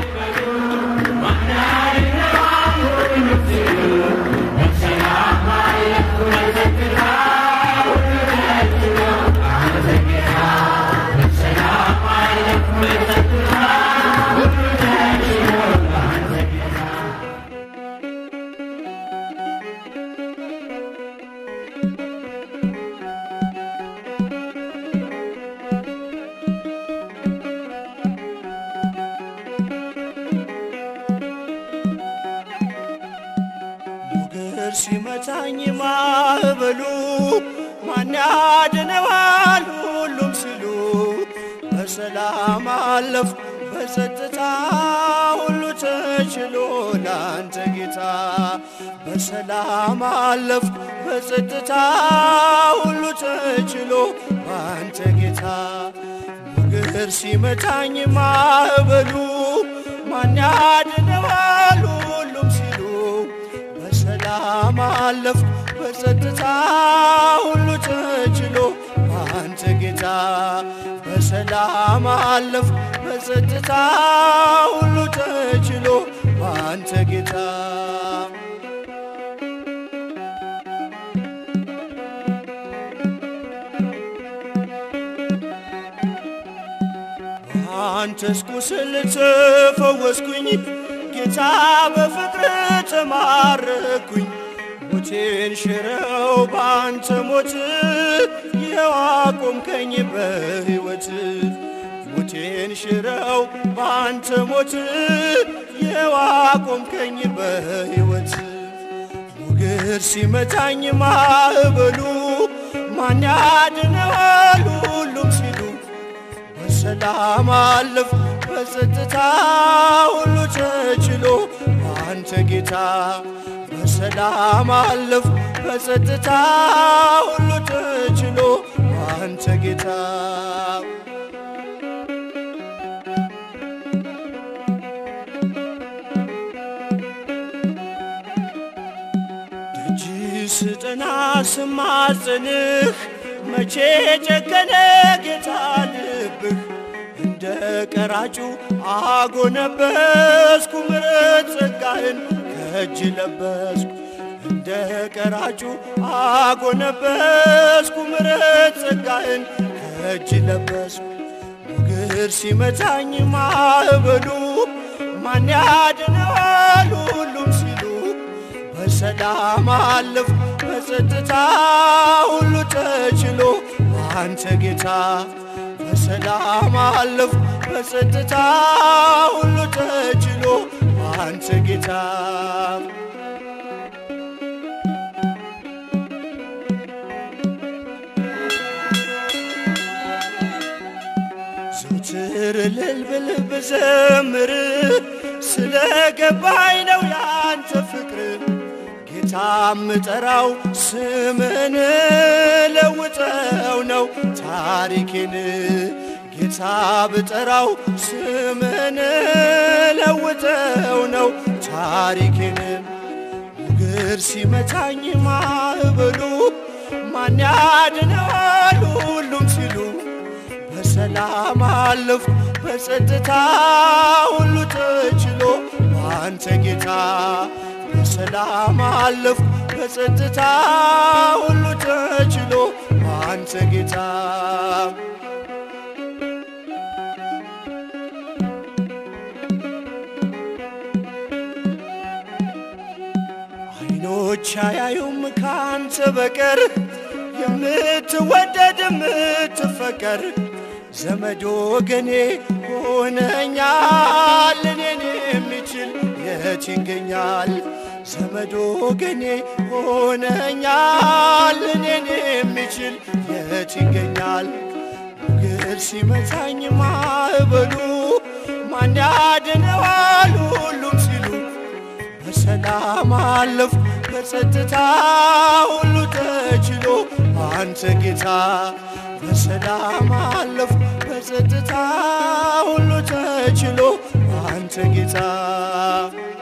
Thank you. ሲመታኝ ማዕበሉ ማን ያድነዋል ሁሉም ሲሉ በሰላም አለፍ በጸጥታ ሁሉ ተችሎ ላንተ ጌታ በሰላም አለፍ በጸጥታ ሁሉ ተችሎ ባንተ ጌታ በግር ሲመታኝ ማዕበሉ ማን ያድነዋል ጸጥታ ሁሉ ተችሎ አንተ ጌታ በሰላም አለፍ በጸጥታ ሁሉ ተችሎ አንተ ጌታ አንተስ ቁስል ተፈወስኩኝ ጌታ በፍቅር ተማረኩኝ ሞቴን ሽረው በአንተ ሞት የዋቆምከኝ በሕይወት ሞቴን ሽረው በአንተ ሞት የዋቆምከኝ በሕይወት ሙግር ሲመታኝ ማዕበሉ ማን ያድነዋል ሁሉም ሲሉ በሰላም አለፍ በጸጥታ ሁሉ ተችሎ አንተ ጌታ በሰላም አለፍ በጸጥታ ሁሉ ተችሎ አንተ ጌታ ደጅ ስጠና ስማጽንህ መቼ ጨከነ ጌታ ልብህ እንደ ቀራጩ አጎነበስኩ ምረት ጸጋህን ከእጅ ለበስኩ እንደ ቀራጩ አጎነበስኩ ምረት ጸጋህን ከእጅ ለበስኩ ሞገድ ሲመታኝ ማዕበሉ ማን ያድነዋል ሁሉም ሲሉ በሰላም አለፍ በጸጥታ ሁሉ ተችሎ አንተ ጌታ በሰላም አለፍ በጸጥታ ሁሉ ተችሎ አንተ ጌታ ዘውትር ልልብ ልብ ዘምር ስለገባኝ ነው ያንተ ፍቅር ጠራው ስምን ለውጠው ነው ታሪኬን ጌታ ብጠራው ስምን ለውጠው ነው ታሪኬን እግር ሲመታኝ ማዕበሉ ማን ያድናል ሁሉም ሲሉ በሰላም አለፍ በጸጥታ ሁሉ ተችሎ አንተ ጌታ በሰላም አለፍኩ በጸጥታ ሁሉ ተችሎ አንተ ጌታ አይኖች አያዩም ካንተ በቀር የምትወደድ የምትፈቀር ዘመድ ወገኔ ሆነኛል እኔን የሚችል የት ይገኛል? ዘመዶ ወገኔ ሆነኛል። እኔን የሚችል የት ይገኛል? ግር ሲመታኝ ማዕበሉ ማን ያድነዋል? ሁሉም ሲሉ በሰላም አለፉ በጸጥታ ሁሉ ተችሎ አንተ ጌታ በሰላም አለፉ በጸጥታ ሁሉ ተችሎ and take it up.